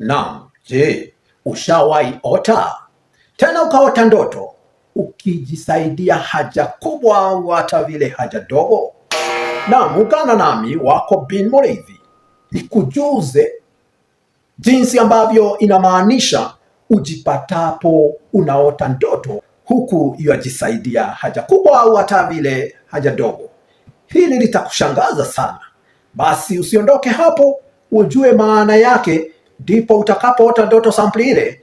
Naam, je, ushawahi ota tena ukaota ndoto ukijisaidia haja kubwa au hata vile haja ndogo? Naam, ungana nami wako Bin Muriithi nikujuze jinsi ambavyo inamaanisha ujipatapo unaota ndoto huku yajisaidia haja kubwa au hata vile haja ndogo. Hili litakushangaza sana, basi usiondoke hapo ujue maana yake ndipo utakapoota ndoto sampli ile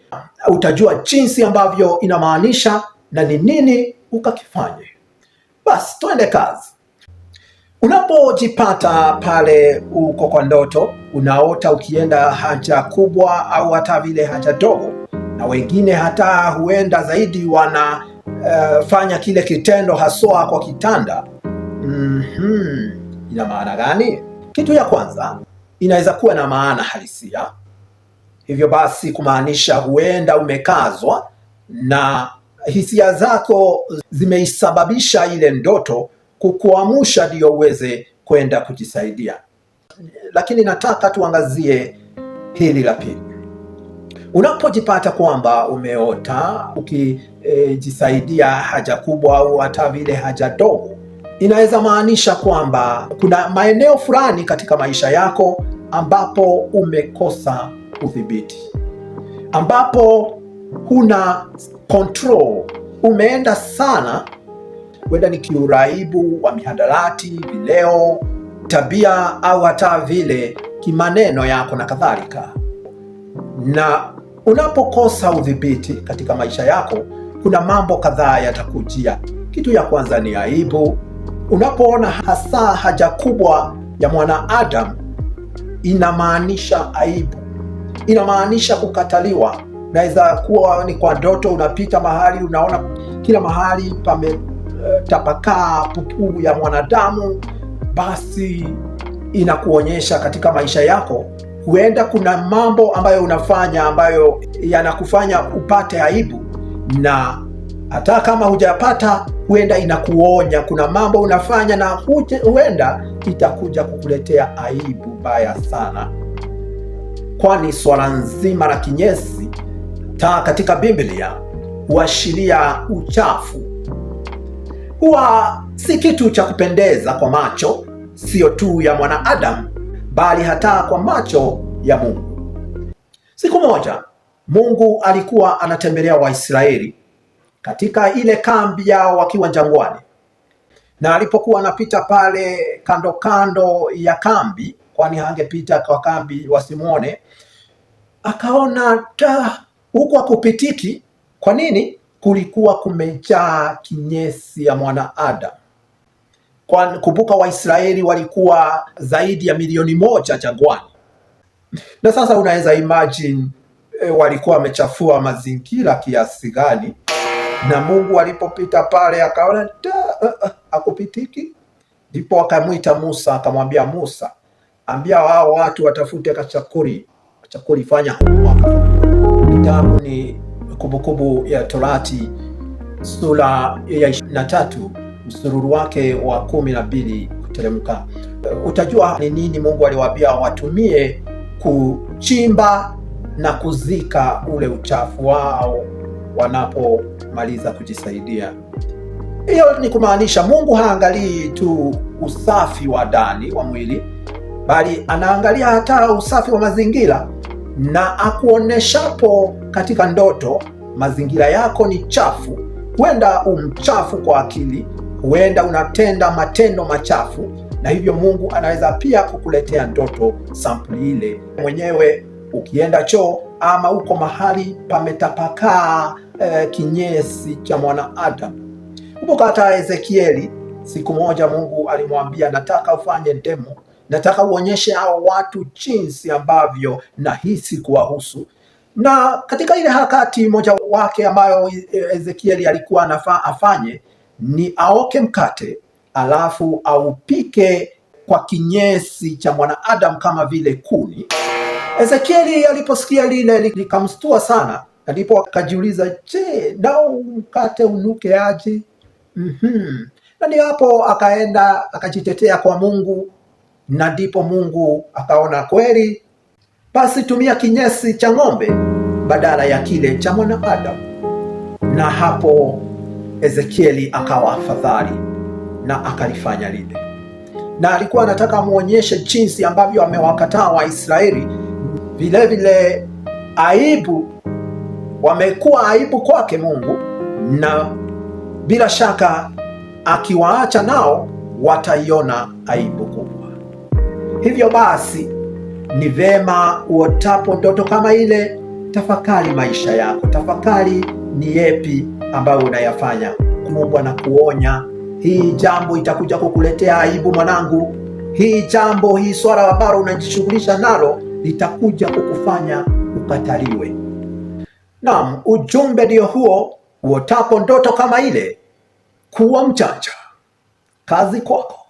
utajua jinsi ambavyo inamaanisha na ni nini ukakifanye. Basi twende kazi. Unapojipata pale uko kwa ndoto, unaota ukienda haja kubwa au hata vile haja dogo, na wengine hata huenda zaidi wanafanya eh, uh, kile kitendo haswa kwa kitanda. mm -hmm. Ina maana gani? Kitu ya kwanza inaweza kuwa na maana halisia Hivyo basi kumaanisha huenda umekazwa na hisia zako zimeisababisha ile ndoto kukuamusha ndiyo uweze kwenda kujisaidia. Lakini nataka tuangazie hili la pili. Unapojipata kwamba umeota ukijisaidia e, haja kubwa au hata vile haja ndogo, inaweza maanisha kwamba kuna maeneo fulani katika maisha yako ambapo umekosa udhibiti, ambapo huna control, umeenda sana, wenda ni kiuraibu wa mihadarati, vileo, tabia au hata vile kimaneno yako na kadhalika. Na unapokosa udhibiti katika maisha yako, kuna mambo kadhaa yatakujia. Kitu ya kwanza ni aibu. Unapoona hasa haja kubwa ya mwanaadamu inamaanisha aibu inamaanisha kukataliwa. Naweza kuwa ni kwa ndoto, unapita mahali unaona kila mahali pametapakaa eh, pupuu ya mwanadamu, basi inakuonyesha katika maisha yako huenda kuna mambo ambayo unafanya ambayo yanakufanya upate aibu, na hata kama hujapata, huenda inakuonya kuna mambo unafanya na huenda itakuja kukuletea aibu mbaya sana kwani swala nzima la kinyesi ta katika Biblia huashiria uchafu. Huwa si kitu cha kupendeza kwa macho, siyo tu ya mwanaadamu, bali hata kwa macho ya Mungu. Siku moja Mungu alikuwa anatembelea Waisraeli katika ile kambi yao wakiwa jangwani, na alipokuwa anapita pale kando kando ya kambi kwani hangepita kwa kambi wasimwone. Akaona ta huku akupitiki. Kwa nini? Kulikuwa kumejaa kinyesi ya mwanaadamu. Kwa kumbuka, Waisraeli walikuwa zaidi ya milioni moja jangwani, na sasa unaweza imagine e, walikuwa wamechafua mazingira kiasi gani, na Mungu alipopita pale akaona uh, uh, akupitiki. Ndipo akamwita Musa akamwambia Musa ambia wao watu watafute kachakuri, kachakuri fanya huma. Kitabu ni Kumbukumbu ya Torati sura ya tatu msururu wake wa kumi na mbili kuteremka, utajua ni nini Mungu aliwaambia watumie kuchimba na kuzika ule uchafu wao wanapomaliza kujisaidia. Hiyo ni kumaanisha Mungu haangalii tu usafi wa ndani wa mwili, bali anaangalia hata usafi wa mazingira, na akuoneshapo katika ndoto mazingira yako ni chafu, huenda umchafu kwa akili, huenda unatenda matendo machafu, na hivyo Mungu anaweza pia kukuletea ndoto sampuli ile mwenyewe ukienda choo ama uko mahali pametapakaa e, kinyesi cha Adam. Kumbuka hata Ezekieli siku moja Mungu alimwambia nataka ufanye demo nataka uonyeshe hao watu jinsi ambavyo nahisi kuwahusu. Na katika ile harakati moja wake ambayo Ezekieli alikuwa anafaa afanye ni aoke mkate alafu aupike kwa kinyesi cha mwanaadamu kama vile kuni. Ezekieli aliposikia lile likamstua sana, alipo akajiuliza, je, nao mkate unuke aje? mm -hmm. Na ni hapo akaenda akajitetea kwa Mungu na ndipo Mungu akaona kweli, basi tumia kinyesi cha ng'ombe badala ya kile cha mwanadamu. Na hapo Ezekieli akawa afadhali na akalifanya lile, na alikuwa anataka amwonyeshe jinsi ambavyo amewakataa Waisraeli, vilevile aibu wamekuwa aibu kwake Mungu, na bila shaka akiwaacha nao wataiona aibu kubwa. Hivyo basi ni vema uotapo ndoto kama ile, tafakari maisha yako, tafakari ni yepi ambayo unayafanya. Kumbwa na kuonya, hii jambo itakuja kukuletea aibu mwanangu, hii jambo, hii swala ambalo unajishughulisha nalo litakuja kukufanya ukataliwe. Naam, ujumbe ndio huo. Uotapo ndoto kama ile, kuwa mchanja, kazi kwako.